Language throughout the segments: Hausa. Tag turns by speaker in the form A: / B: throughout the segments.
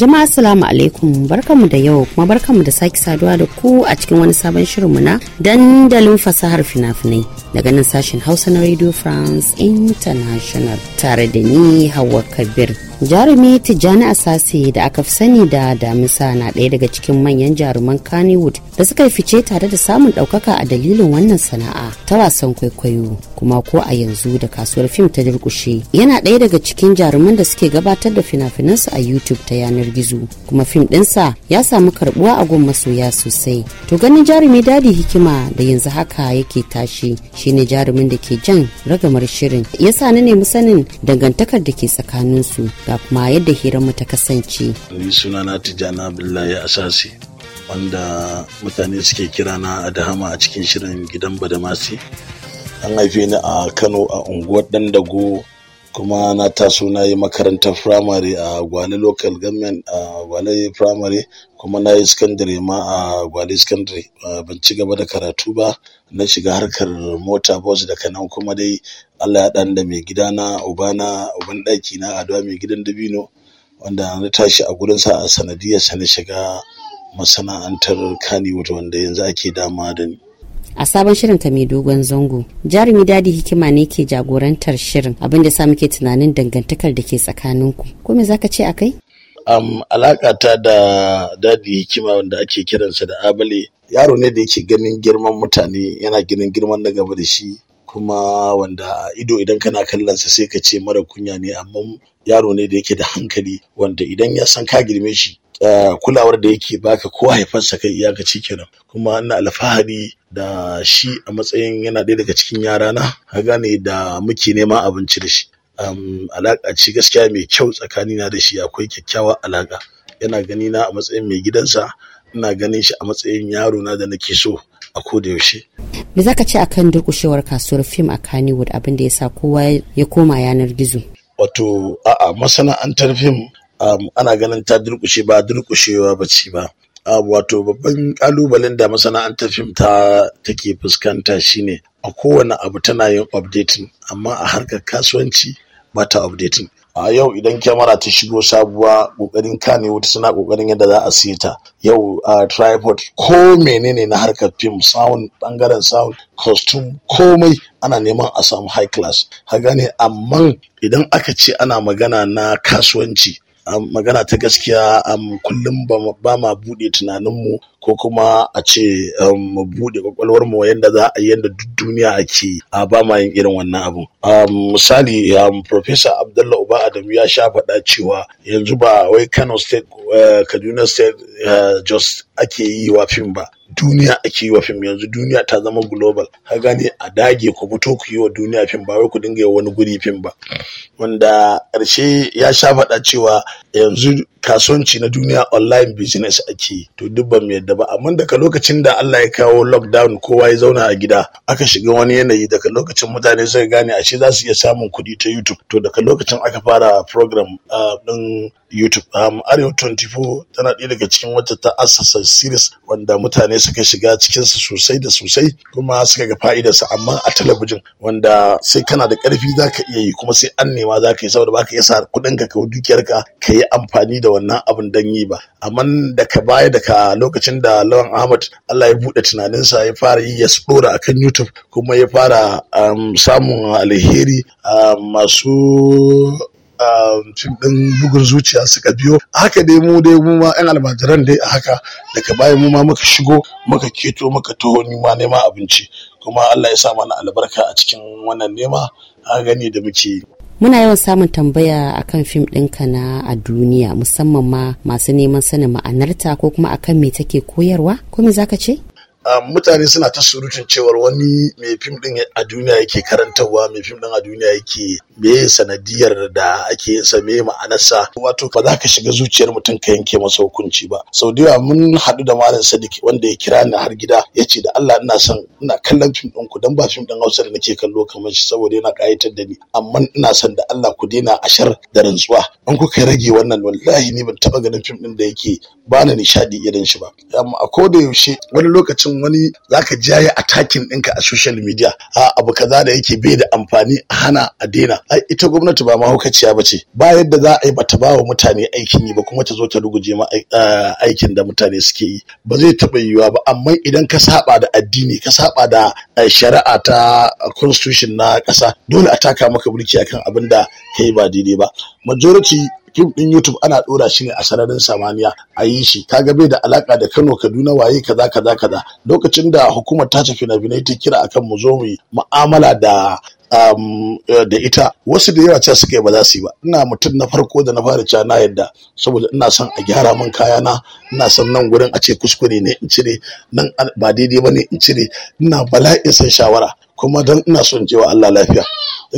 A: Jama'a assalamu alaikum barkamu da yau kuma barkamu da sake saduwa da ku a cikin wani sabon shirinmu na dandalin fasahar fina-finai daga nan sashen Hausa na Radio France International tare da ni Hauwa Kabir. jarumi tijjani asasi da aka fi sani da damisa na ɗaya daga cikin manyan jaruman kannywood da suka fice tare da samun ɗaukaka a dalilin wannan sana'a ta wasan kwaikwayo kuma ko a yanzu da kasuwar fim ta durkushe yana ɗaya daga cikin jaruman da suke gabatar da fina-finansu a youtube ta yanar gizo kuma fim ɗinsa ya samu karɓuwa a gun masoya sosai to ganin jarumi dadi hikima da yanzu haka yake tashi shine jarumin da ke jan ragamar shirin yasa na nemi sanin dangantakar da ke tsakaninsu ga ga ma yadda mu ta kasance.
B: Ni sunana Tijjana Abdullahi Asasi wanda mutane suke kirana a dahama a cikin shirin gidan Badamasi. An haife ni a Kano a unguwar Dandago kuma na taso na yi makarantar firamare a gwale local government a gwale firamare kuma na yi secondary ma a gwale secondary ban ci gaba da karatu ba na shiga harkar mota bus da kanan kuma dai allah ya da mai gidana ubana uban Daki na Adwa mai gidan dabino wanda na tashi a sa a sanadiyar sa na shiga masana'antar kani wata wanda yanzu ake dama da ni
A: a sabon shirin ta mai dogon zango jarumi dadi hikima ne ke jagorantar shirin abin da sa muke tunanin dangantakar da ke tsakaninku ko me zaka ce akai
B: um, ta da dadi hikima wanda ake kiransa da abale yaro ne da yake ganin girman mutane yana ganin girman na gaba da shi kuma wanda ido idan kana kallon sa sai ka ce mara kunya ne amma yaro ne da yake da hankali wanda idan ya san ka girme shi eh, kulawar da yake baka ko haifarsa kai iyakaci kenan kuma ina alfahari da shi a matsayin yana ɗaya daga cikin yara na ka gane da muke neman abinci da shi um, alaƙa ce gaskiya mai kyau tsakanina da shi akwai kyakkyawa alaƙa yana ganina a matsayin mai gidansa ina ganin shi a matsayin yaro na da nake so a koda yaushe.
A: Me za ka ce a kan durkushewar kasuwar fim a Kannywood abin da ya sa kowa ya koma yanar gizo?
B: Wato a'a masana'antar fim um, ana ganin ta durkushe ba durƙushewa ba ce ba. Um, wato babban kalubalen da masana'antar fim ta take fuskanta shine a kowane abu tana yin updating amma a harkar kasuwanci ba ta updating a yau idan kyamara ta shigo sabuwa kokarin kane wata suna kokarin yadda za a siya ta yau a tripod ko menene na harkar fim sound bangaren sound costume komai ana neman a samu high class ha gane amma idan aka ce ana magana na kasuwanci magana ta gaskiya kullum ba ma buɗe tunaninmu ko kuma a ce um, mu buɗe kwakwalwar mu yadda za a yadda duk duniya ake a ba ma yin irin wannan abu um, misali um, professor abdullah uba adamu ya sha faɗa cewa yanzu ba wai kano state eh, kaduna state eh, just ake yi wa fim ba duniya ake yi wa fim yanzu duniya ta zama global ka gane a dage ku fito ku yi wa duniya fim ba wai ku dinga yi wani guri fim ba wanda ƙarshe ya sha faɗa cewa yanzu kasuwanci na duniya online business ake to duk ban yadda ba amma daga lokacin da Allah ya kawo lockdown kowa ya zauna a gida aka shiga wani yanayi daga lokacin mutane suka gane ashe za su iya samun kuɗi ta YouTube to daga lokacin aka fara program din ah, YouTube. Um, Arewa 24 tana ɗaya daga cikin wacce ta assasa series wanda mutane suka shiga cikinsa sosai da sosai kuma suka ga fa'idarsa amma a talabijin wanda sai kana da ƙarfi za ka iya yi kuma sai an nema za ka yi saboda ba ka sa kuɗin ka kawo dukiyarka ka yi amfani da wannan abin don yi ba. Amma da ka baya da ka lokacin da Lawan Ahmad Allah ya buɗe tunaninsa ya fara yi ya ɗora a kan YouTube kuma ya fara samun alheri masu Um, fim ɗin bugun zuciya suka biyo haka dai mu dai mu ma 'yan almajiran dai a haka daga baya mu ma muka shigo muka keto muka taho ni ma nema abinci kuma Allah ya sa mana albarka a cikin wannan nema a gani da muke
A: Muna yawan samun tambaya akan fim ɗinka na a duniya musamman ma masu neman sanin ma'anarta ko kuma akan me take koyarwa ko me zaka ce?
B: Um, mutane suna ta surutun cewar wani mai fim din a duniya yake karantarwa mai fim din a duniya yake me sanadiyar da ake yin sa me ma'anarsa wato ba za ka shiga zuciyar mutum ka yanke masa hukunci ba sau da yawa mun haɗu da malam sadiki wanda ya kira ni har gida ya ce da Allah ina son ina kallon fim din ku dan ba fim din Hausa da nake kallo kamar shi saboda yana kayatar da ni amma ina son da Allah ku daina ashar da rantsuwa
C: in kuka rage
B: wannan wallahi ni ban taba ganin fim din da yake ba na nishaɗi irin shi ba amma a koda yaushe wani lokacin akan wani zaka ji yayi attacking ɗinka a social media a abu kaza da yake bai da amfani a hana a daina ai ita gwamnati ba mahaukaciya ba ce ba yadda za a yi bata ba wa mutane aikin yi ba kuma ta zo ta ruguje ma aikin da mutane suke yi ba zai taɓa yiwuwa ba amma idan ka saba da addini ka saba da shari'a ta constitution na ƙasa dole a taka maka mulki akan abin da kai ba daidai ba majority fim din YouTube ana dora shi ne a sararin samaniya a yi shi kaga bai da alaka da Kano Kaduna waye kaza kaza kaza lokacin da hukumar ta tafi na binai ta kira akan mu zo mu mu'amala da Um, da ita wasu da yawa cewa suka yi ba za su yi ba ina mutum na farko da na fara cewa na yadda saboda ina son a gyara min kayana ina son nan gurin a ce kuskure ne in cire nan ba daidai ba ne in cire ina bala'in san shawara kuma dan ina son jewa Allah lafiya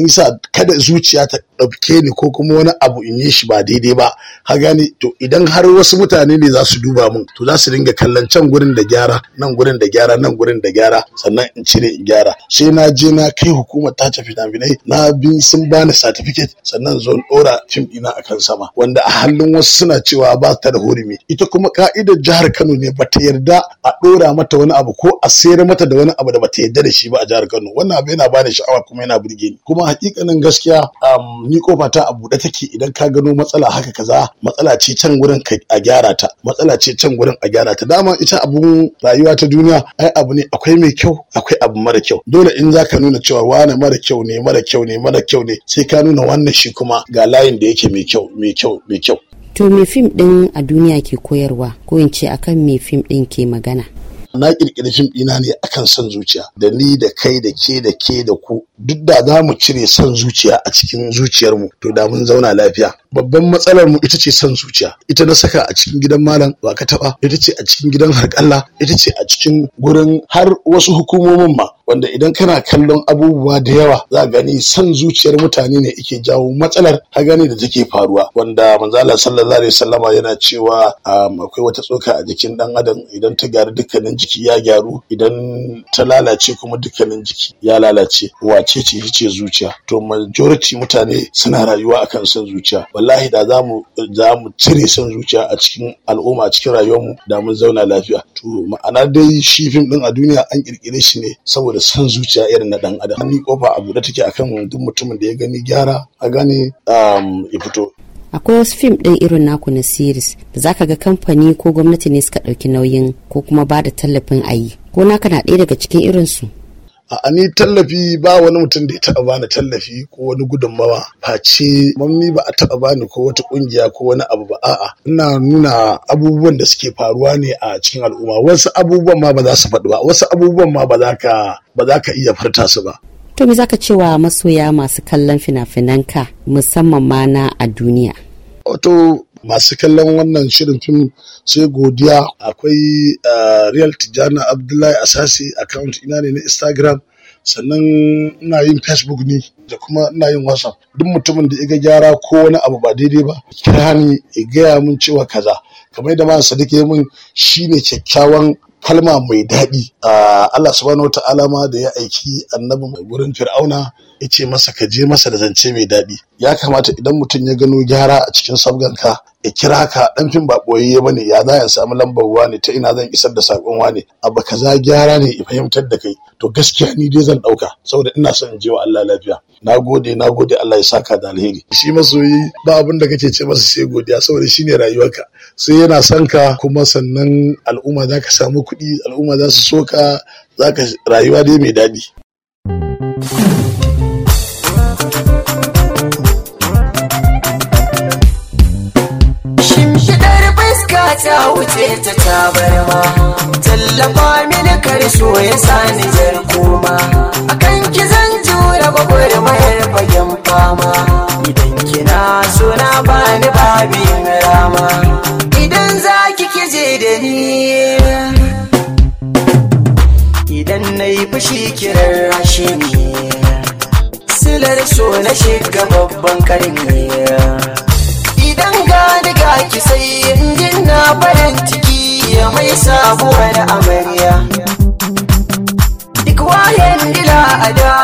B: yasa kada zuciya ta ɗauke ni ko kuma wani abu in yi shi ba daidai ba ka gani to idan har wasu mutane ne za su duba mun to za su dinga kallon can gurin da gyara nan gurin da gyara nan gurin da gyara sannan in cire in gyara sai na je na kai hukumar ta tafi finai na bin sun bani certificate sannan zo ɗora fim ɗina akan sama wanda a halin wasu suna cewa ba ta da hurumi ita kuma ka'idar jihar Kano ne ba ta yarda a ɗora mata wani abu ko a sayar mata da wani abu da ba ta yarda da shi ba a jihar Kano wannan abu yana bani sha'awa kuma yana burge ni kuma hakikanin gaskiya um, ni kofa ta a buɗe take idan ka gano matsala haka kaza matsala ce can gurin a gyara ta matsala ce can gurin a gyara ta dama ita abun rayuwa ta duniya ai abu ne akwai mai kyau akwai abu mara kyau dole in za ka nuna cewa wane mara kyau ne mara kyau ne mara kyau ne sai ka nuna wannan shi kuma ga layin da yake mai kyau mai kyau mai kyau
A: to me fim din a duniya ke koyarwa ko in ce akan me fim din ke magana
B: na kirkiri fim ɗina ne akan son zuciya da ni da kai da ke da ke da ku duk da za mu cire son zuciya a cikin zuciyarmu to da mun zauna lafiya babban matsalar mu ita ce son zuciya ita na saka a cikin gidan malam ba ka taba ita ce a cikin gidan harƙalla ita ce a cikin gurin har wasu hukumomin ma wanda idan kana kallon abubuwa da yawa za gani son zuciyar mutane ne ike jawo matsalar hagani gani da take faruwa wanda manzala sallallahu alaihi sallama yana cewa um, akwai wata tsoka a jikin dan adam idan ta gyaru dukkanin jiki ya gyaru idan ta lalace kuma dukkanin jiki ya lalace wace ce ce zuciya to majority mutane suna rayuwa akan son zuciya wallahi da zamu mu cire son zuciya a cikin al'umma a cikin rayuwarmu da mun zauna lafiya to ma'ana dai shi fim din a duniya an kirkire shi ne saboda son zuciya irin na dan adam ni kofa a buɗe take akan duk mutumin da ya gani gyara a gane um, ya fito
A: akwai wasu fim ɗin irin naku na series da zaka ga kamfani ko gwamnati ne suka ɗauki nauyin ko kuma ba da tallafin ayi ko naka na ɗaya daga cikin irinsu
B: a ni tallafi ba wani mutum da ya taɓa bani tallafi ko wani gudunmawa face mamni ba a taɓa bani ko wata ƙungiya ko wani abu ba a'a ina nuna abubuwan da suke faruwa ne a cikin al'umma wasu abubuwan ma ba za su faɗi ba wasu abubuwan ma ba za ka iya farta su ba
A: to me zaka cewa masoya masu kallon fina-finanka musamman ma na a duniya
B: wato masu kallon wannan shirin fim sai godiya akwai real tijjani abdullahi asasi account ina ne na instagram sannan ina yin facebook ne da kuma ina yin whatsapp duk mutumin da iga gyara ko wani abu ba daidai ba kira ni ya gaya min cewa kaza kamar da ma sadiq mun min shine kyakkyawan kalma mai daɗi Allah subhanahu wata ma da ya aiki annabi mai gurin fir'auna ya ce masa ka je masa da zance mai daɗi ya kamata idan mutum ya gano gyara a cikin sabganka ya kira ka dan fim ba ya bane ya za ya samu lambar ne ta ina zan isar da sakon wani abu kaza gyara ne ya fahimtar da kai to gaskiya ni dai zan dauka saboda ina son in je wa Allah lafiya Na gode, na gode. Allah ya saka da alheri shi masoyi ba abin da kake ce masa sai godiya saboda shine rayuwarka sai yana son ka kuma sannan al'umma za ka samu kuɗi al'umma za su so ka za ka rayuwa dai mai daɗi.
A: Shimshiɗar fuska ta wuce ta tabarma, tallafa mini karso ya sani Akan gwagwar mayar fagen fama idan kina suna bani babin rama idan za ki kije da ni
D: idan na yi fushi kiran rashe ni silar so na shiga babban karin
A: idan gani ga ki sai injin na farin ciki mai sabuwar amarya
B: bayan a da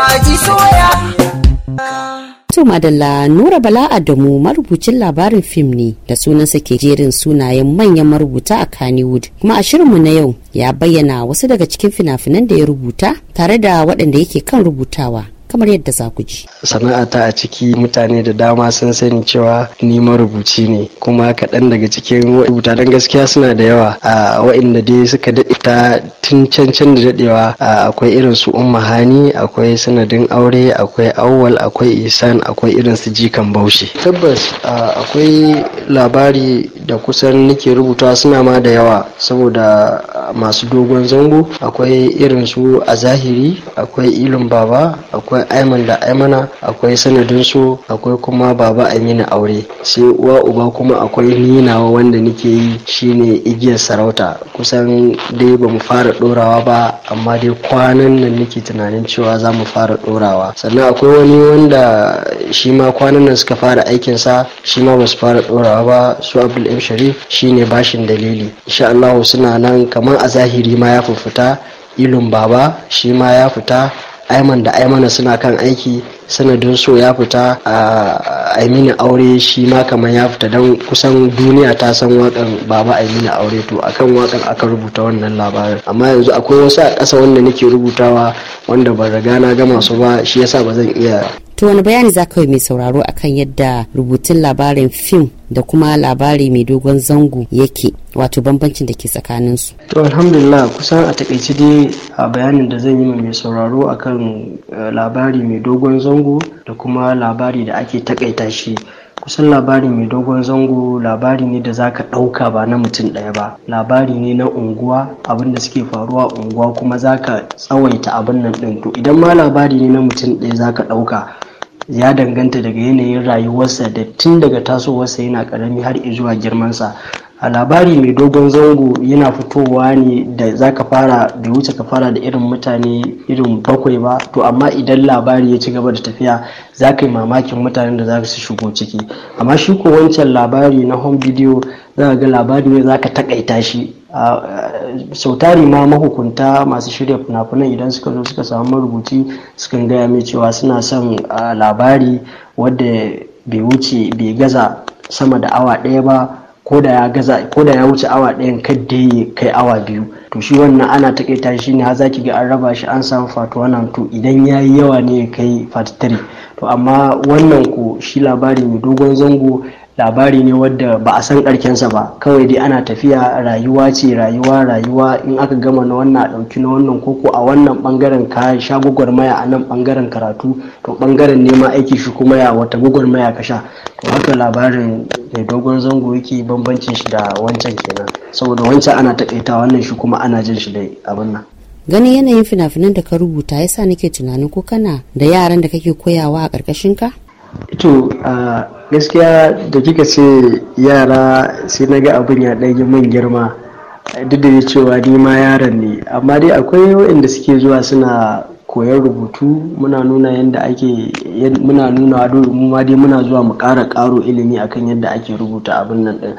A: Madalla Nura Bala Adamu marubucin labarin fim ne da sunansa ke jerin sunayen manyan marubuta a Kannywood. Kuma a shirinmu na yau ya bayyana wasu daga cikin finafinan da ya rubuta tare da waɗanda yake kan rubutawa. kamar yadda za ku ji.
D: Sana'ata a ciki mutane da dama sun sani cewa ni marubuci ne kuma kaɗan daga cikin rubuta dan gaskiya suna da yawa a wa'inda dai suka daɗe ta tun can can da daɗewa akwai irin su umma hani akwai sanadin aure akwai awwal akwai isan akwai irin su jikan baushe. Tabbas akwai labari da kusan nake rubuta suna ma da yawa saboda masu dogon zango akwai irin su a zahiri akwai ilin baba akwai aiman da aimana akwai sanadin su akwai kuma baba amina aure sai uwa uba kuma akwai ninawa wanda nake yi shine igiyar sarauta kusan dai bamu fara dorawa ba amma dai kwanan nan nake tunanin cewa za mu fara dorawa sannan akwai wani wanda shi ma kwanan nan suka fara aikin sa shi ma ba fara dorawa ba su abdul im sharif shine bashin dalili insha Allah suna nan kamar a zahiri ma ya fita ilun baba shi ma ya fita aiman da aimana suna kan aiki sanadin so ya fita a aimini aure shi ma kamar ya fita don kusan duniya ta san wakan baba aimini aure to akan wakan aka rubuta wannan labarin amma yanzu akwai wasu a ƙasa wanda nake rubutawa wanda ban riga na gama su ba shi yasa ba zan iya
A: to wani bayani za ka yi mai sauraro akan yadda rubutun labarin fim da kuma labari mai dogon zango yake wato bambancin da ke tsakanin su.
D: To alhamdulillah kusan a takaice dai a bayanin da zan yi mai sauraro akan eh, labari mai dogon zango da kuma labari da ake takaita shi kusan labari mai dogon zango labari ne da zaka ɗauka ba na mutum ɗaya ba labari ne na unguwa abin da suke faruwa unguwa kuma zaka tsawaita abin nan ɗin to idan ma labari ne na mutum ɗaya zaka ɗauka ya danganta daga yanayin rayuwarsa da tun daga tasowarsa yana karami har zuwa girmansa a labari mai dogon zango yana fitowa ne da za ka fara da wuce ka fara da irin mutane irin bakwai ba to amma idan labari ya ci gaba da tafiya za ka yi mamakin mutanen da za su shigo ciki amma shi ko wancan labari na home video za ka ga labari ne za ka takaita shi Ah, sau tari ma mahukunta masu shirya fina-finan idan suka zo suka samu marubuci sukan gaya mai cewa suna son ah, labari wadda bai wuce bai gaza sama da awa ɗaya ba ko da ya wuce awa ɗayan kadda ya kai awa biyu to shi wannan ana takaita shi ne har ki ga an raba shi an samu fat 1 and idan ya yi yawa ne ya kai part 3 to amma wannan ko shi labari mai dogon zango labari ne wadda ba a san karkensa ba kawai dai ana tafiya rayuwa ce rayuwa rayuwa in aka gama na wannan a ɗauki na wannan koko a wannan bangaren ka sha gwagwarmaya a nan bangaren karatu to bangaren neman aiki shi kuma ya wata gwagwarmaya ka sha to haka labarin mai dogon zango yake bambancin shi da wancan kenan saboda wancan ana taƙaita wannan shi kuma ana jin shi da
A: abin nan ganin yanayin fina-finan da ka rubuta ya sa nake tunanin ko kana da yaran da kake koyawa a ƙarƙashin ka
D: to gaskiya da kika ce yara sai na ga abin ya ɗage man girma duk da cewa ni ma yaran ne amma dai akwai waɗanda suke zuwa suna koyar rubutu muna nuna yadda ake muna nuna mu ma dai muna zuwa mu ƙara ƙaro ilimi akan yadda ake rubuta abin nan ɗin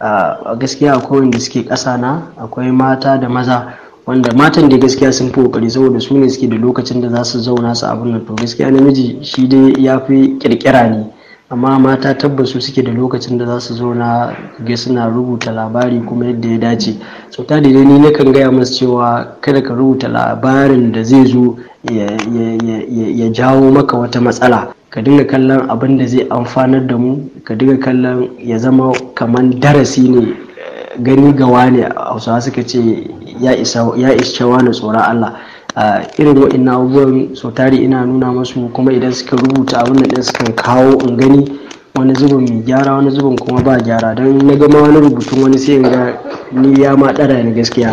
D: a gaskiya akwai wanda suke ƙasa na akwai mata da maza wanda matan da gaskiya sun fi kokari saboda su ne suke da lokacin da za su zauna su abin nan to gaskiya namiji shi dai ya fi kirkira ne amma mata tabbas suke da lokacin da za su zauna ga suna rubuta labari kuma yadda ya dace sau ta da ni na kan gaya masu cewa kada ka rubuta labarin da zai zo ya jawo maka wata matsala ka dinga kallon abin da zai amfanar da mu ka dinga kallon ya zama kamar darasi ne eh, gani gawa ne hausawa suka ce ya isa na tsoron allah irin wa'in abubuwan sau tari ina nuna masu kuma idan suka rubuta abin da suka kawo in gani wani zubin mai gyara wani zubin kuma ba gyara don na gama wani rubutun wani sai in ga ni ya ma ɗara ni gaskiya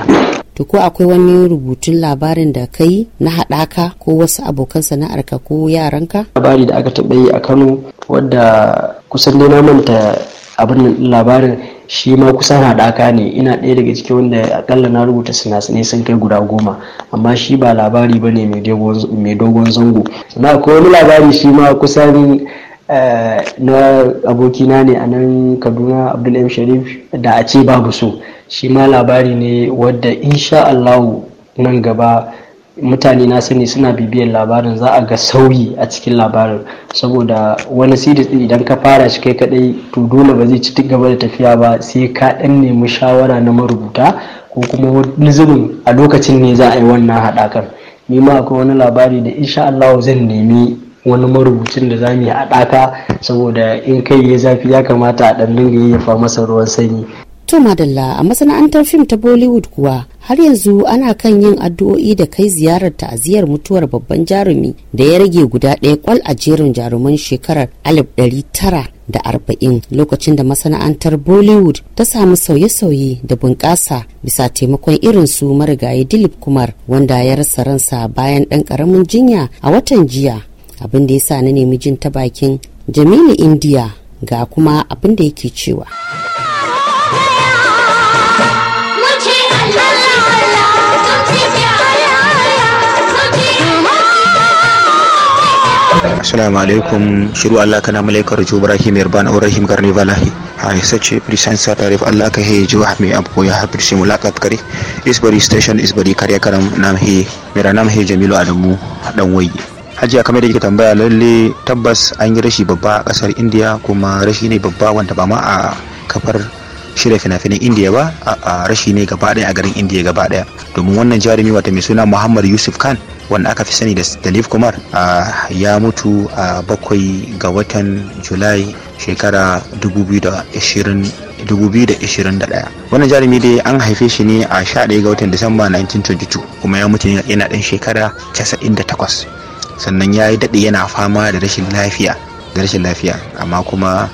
A: to ko akwai wani rubutun labarin da ka yi na haɗaka ko wasu abokan sana'arka ko yaranka
D: labari da aka taɓa yi a kano wadda kusan dai na manta abin labarin shi ma kusan haɗaka ne ina ɗaya daga ciki wanda akalla na rubuta sinasinai sun kai guda goma amma shi ba labari ba ne mai dogon zango na akwai wani labari shi ma kusan Eh, na abokina ne a nan kaduna abdul sharif da a ce babu so shi ma labari ne wadda insha allahu nan gaba mutane na sani suna bibiyar labarin za a ga sauyi a cikin labarin saboda wani series idan ka fara shi kai kadai to dole ba zai ci gaba da tafiya ba sai ka dan nemi shawara na marubuta ko kuma wani zubin a lokacin ne za a yi wannan haɗakar ni ma akwai wani labari da insha Allah zan nemi wani marubucin da za mu yi haɗaka saboda in kai ya zafi ya kamata a ɗan dinga fa masa
A: ruwan sanyi To Madalla a masana'antar fim ta Bollywood kuwa har yanzu ana kan yin addu'o'i da kai ziyarar ta'aziyar mutuwar babban jarumi da ya rage guda ɗaya kwal a jerin jaruman shekarar 1940 lokacin da masana'antar Bollywood ta samu sauye-sauye da bunƙasa bisa taimakon irin su marigayi Dilip Kumar wanda ya rasa ransa bayan ɗan ƙaramin jinya a watan jiya abin da ya sa na nemi jin ta bakin jamilu indiya ga kuma abin da yake cewa
C: Assalamu alaikum shiru Allah kana malaikar Jubrahim Irban Valahi Garnivalahi hai sace present sa tarif Allah ka hei jiwa mai abko ya hafir shi mulakat kare isbari station isbari kare karam nam he mera nam he Jamilu Adamu dan waye hajiya kamar da kika tambaya lalle tabbas an yi rashi babba a kasar indiya kuma rashi ne babba wanda ba ma a kafar shirya fina-finan indiya ba a rashi ne gaba daya a garin indiya gaba daya domin wannan jarumi wata mai suna muhammad yusuf khan wanda aka fi sani da dalif kumar ya mutu a bakwai ga watan julai shekara 2021 wannan jarumi dai an haife shi ne a 11 ga watan disamba 1922 kuma ya mutu yana ɗan shekara 98 sannan ya yi daɗe yana fama da rashin lafiya da rashin lafiya amma kuma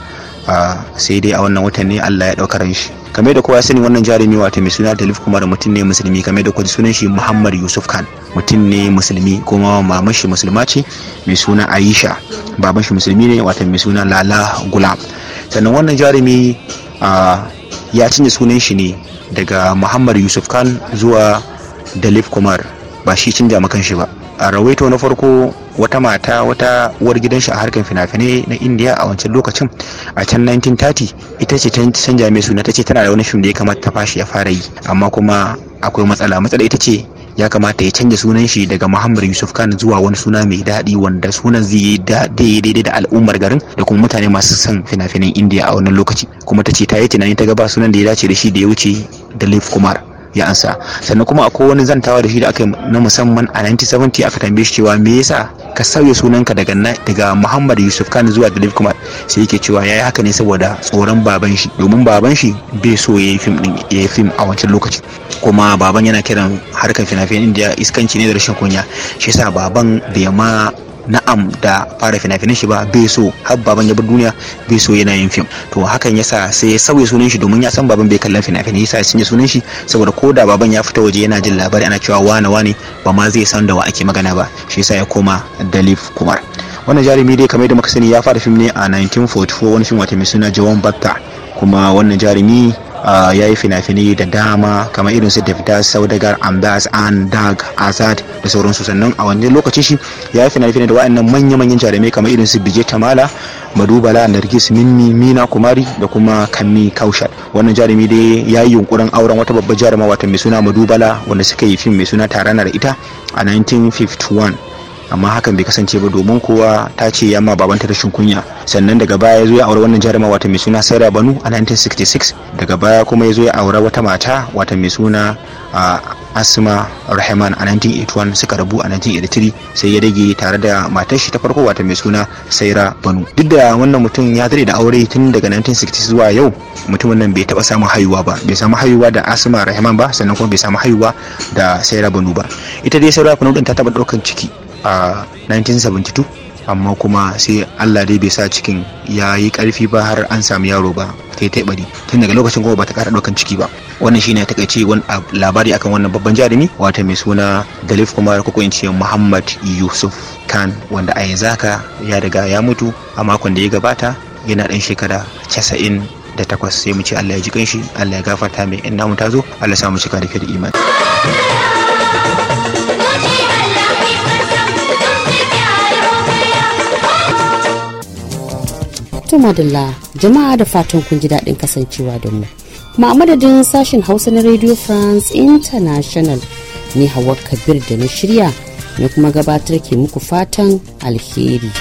C: sai dai a wannan watan ne Allah ya ɗaukar shi kame da kowa ya sani wannan jarumi wato mai suna Talif da mutum ne musulmi kame da kowa sunan shi Muhammad Yusuf Khan mutum ne musulmi kuma maman shi musulma ce mai suna Aisha baban shi musulmi ne wato mai suna Lala Gulam sannan wannan jarumi ya cinye sunan shi ne daga Muhammad Yusuf Khan zuwa Dalif Kumar ba shi canja makan shi ba a rawaito na farko wata mata wata uwar gidan shi a harkar fina-finai na indiya a wancan lokacin a can 1930 ita ce ta canja mai suna ta ce tana da wani fim da ya kamata ta fashi ya fara yi amma kuma akwai matsala matsala ita ce ya kamata ya canja sunan shi daga Muhammad Yusuf Khan zuwa wani suna mai daɗi wanda sunan zai yi daidai da al'ummar garin da kuma mutane masu son fina-finan Indiya a wannan lokaci kuma ta ce ta yi tunani ta gaba sunan da ya dace da shi da ya wuce da Kumar ya ansa sannan kuma akwai wani zantawa da shi da aka na musamman a 1970 aka tambaye shi cewa me yasa ka sauya sunanka daga daga Muhammad Yusuf Khan zuwa Dilip Kumar sai yake cewa yayi haka ne saboda tsoron baban shi domin baban shi bai so yayi film din yayi film a wancan lokaci kuma baban yana kiran harkar fina-finan India iskanci ne da rashin kunya shi yasa baban bai ma na'am da fara fina-finan shi ba bai so har baban ya bar duniya bai so yana yin fim to hakan yasa sai ya sauya sunan shi domin ya san baban bai kallon fina-finai yasa ya sunan shi saboda ko da baban ya fita waje yana jin labari ana cewa wane wane ba ma zai san da wa ake magana ba shi yasa ya koma dalif kumar wannan jarumi dai kamar yadda muka sani ya fara fim ne a 1944 wani fim wata mai suna jawan bakka kuma wannan jarumi Ah, ya yi fina-finai da dama kamar irin su Devdas Saudagar Ambas An Dag Azad da sauransu sannan a wani lokaci shi ya yi fina-finai da wa'annan manya-manyan jarumai kamar irin su Bije Tamala Madubala Nargis mimmi Mina Kumari da kuma Kammi Kaushal wannan jarumi dai ya yi yunkurin auren wata babbar jaruma wata mai suna Madubala wanda suka yi fim mai suna Tarana da ita a 1951 amma hakan bai kasance ba domin kowa ta ce yamma babanta rashin kunya sannan daga baya ya zo ya aure wannan jaruma wata mai suna saira banu a 1966 daga baya kuma ya zo ya aure wata mata wata mai suna asma rahman a 1981 suka rabu a 1983 sai ya rage tare da matar shi ta farko wata mai suna saira banu duk da wannan mutum ya zare da aure tun daga 1960 zuwa yau mutumin nan bai taba samun haihuwa ba bai samu haihuwa da asma rahman ba sannan kuma bai samu haihuwa da saira banu ba ita dai saira banu din ta taba daukan ciki a 1972 amma kuma sai allah dai bai sa cikin ya yi karfi ba har an samu yaro ba ta yi bari tun daga lokacin kuma ba ta kara daukan ciki ba wannan shine takaice wani labari akan wannan babban jarumi wata mai suna dalif kuma ko in ce muhammad yusuf khan wanda a yanzu haka ya riga ya mutu a makon da ya gabata yana dan shekara casa'in da takwas sai mu ce allah ya ji kanshi allah ya gafarta mai in namu ta zo allah samu cika da imani
A: to madalla jama'a da fatan kun ji daɗin kasancewa da mu ma madadin sashen hausa na radio france international ne hawa kabir da na shirya ne kuma gabatar ke muku fatan alheri